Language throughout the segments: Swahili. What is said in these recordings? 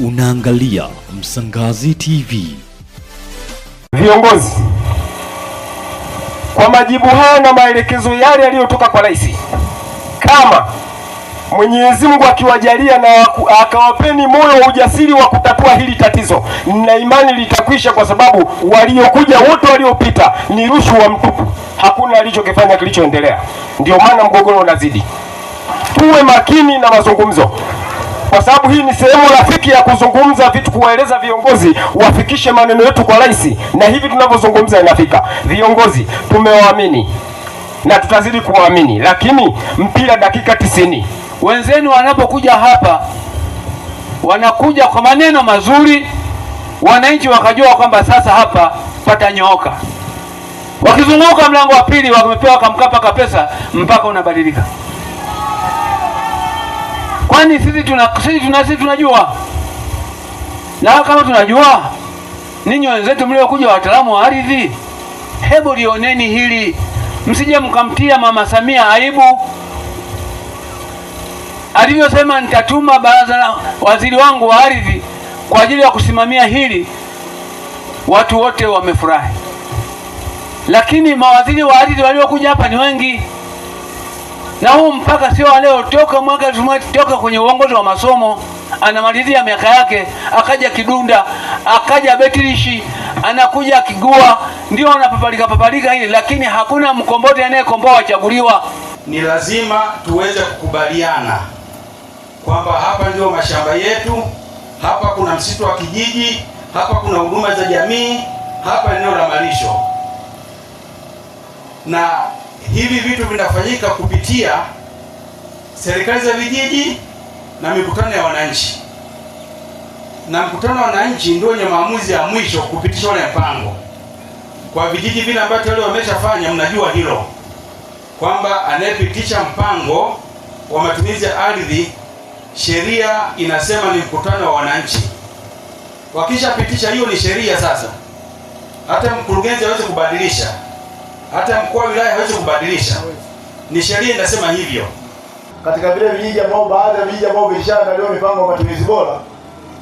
Unaangalia Msangazi TV. Viongozi, kwa majibu haya na maelekezo yale yaliyotoka kwa rais, kama Mwenyezi Mungu akiwajalia na akawapeni moyo wa ujasiri wa kutatua hili tatizo, na imani litakwisha, kwa sababu waliokuja wote waliopita ni rushwa mtupu, hakuna alichokifanya kilichoendelea. Ndio maana mgogoro unazidi. Tuwe makini na mazungumzo kwa sababu hii ni sehemu rafiki ya kuzungumza vitu, kuwaeleza viongozi wafikishe maneno yetu kwa rais, na hivi tunavyozungumza inafika. Viongozi tumewaamini na tutazidi kumwamini, lakini mpira dakika tisini. Wenzenu wanapokuja hapa wanakuja kwa maneno mazuri, wananchi wakajua kwamba sasa hapa patanyooka. Wakizunguka mlango wa pili wamepewa kamkapa kapesa mpaka unabadilika. Yaani sisi tuna sisi tuna sisi tunajua. Na kama tunajua ninyi wenzetu mliokuja wataalamu wa ardhi, hebu lioneni hili, msije mkamtia Mama Samia aibu alivyosema nitatuma baraza la waziri wangu wa ardhi kwa ajili ya kusimamia hili. Watu wote wamefurahi, lakini mawaziri wa ardhi waliokuja hapa ni wengi na huu mpaka sio leo, toka mwaka elfu moja toka kwenye uongozi wa masomo anamalizia miaka yake, akaja Kidunda, akaja Betilishi, anakuja Kigua, ndio anapapalika papalika hili, lakini hakuna mkomboti anayekomboa wachaguliwa. Ni lazima tuweze kukubaliana kwamba hapa ndio mashamba yetu, hapa kuna msitu wa kijiji, hapa kuna huduma za jamii, hapa eneo la malisho na hivi vitu vinafanyika kupitia serikali za vijiji na mikutano ya wananchi, na mkutano wa wananchi ndio wenye maamuzi ya mwisho kupitisha ule mpango kwa vijiji vile ambavyo leo wameshafanya. Mnajua hilo kwamba anayepitisha mpango wa matumizi ya ardhi, sheria inasema ni mkutano wa wananchi. Wakishapitisha hiyo ni sheria, sasa hata mkurugenzi aweze kubadilisha hata mkuu wa wilaya hawezi kubadilisha, ni sheria inasema hivyo. Katika vile vijiji ambao baadhi ya vijiji ambao vilishaandaliwa mipango ya matumizi bora,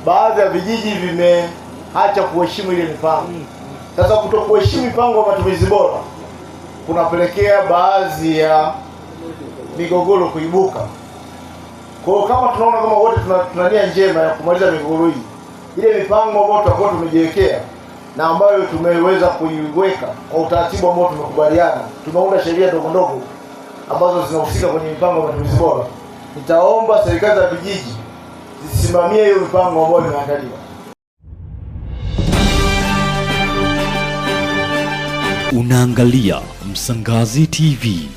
baadhi ya vijiji vimeacha kuheshimu ile mipango. Sasa kutokuheshimu mipango ya matumizi bora kunapelekea baadhi ya migogoro kuibuka. Kwa hiyo kama tunaona kama wote tuna nia njema ya kumaliza migogoro hii, ile mipango ambayo tutakuwa tumejiwekea na ambayo tumeweza kuiweka kwa utaratibu ambao tumekubaliana. Tumeunda sheria ndogo ndogo ambazo zinahusika kwenye mipango ya matumizi bora. Nitaomba serikali za vijiji zisimamie hiyo mipango ambayo imeandaliwa. Unaangalia Msangazi TV.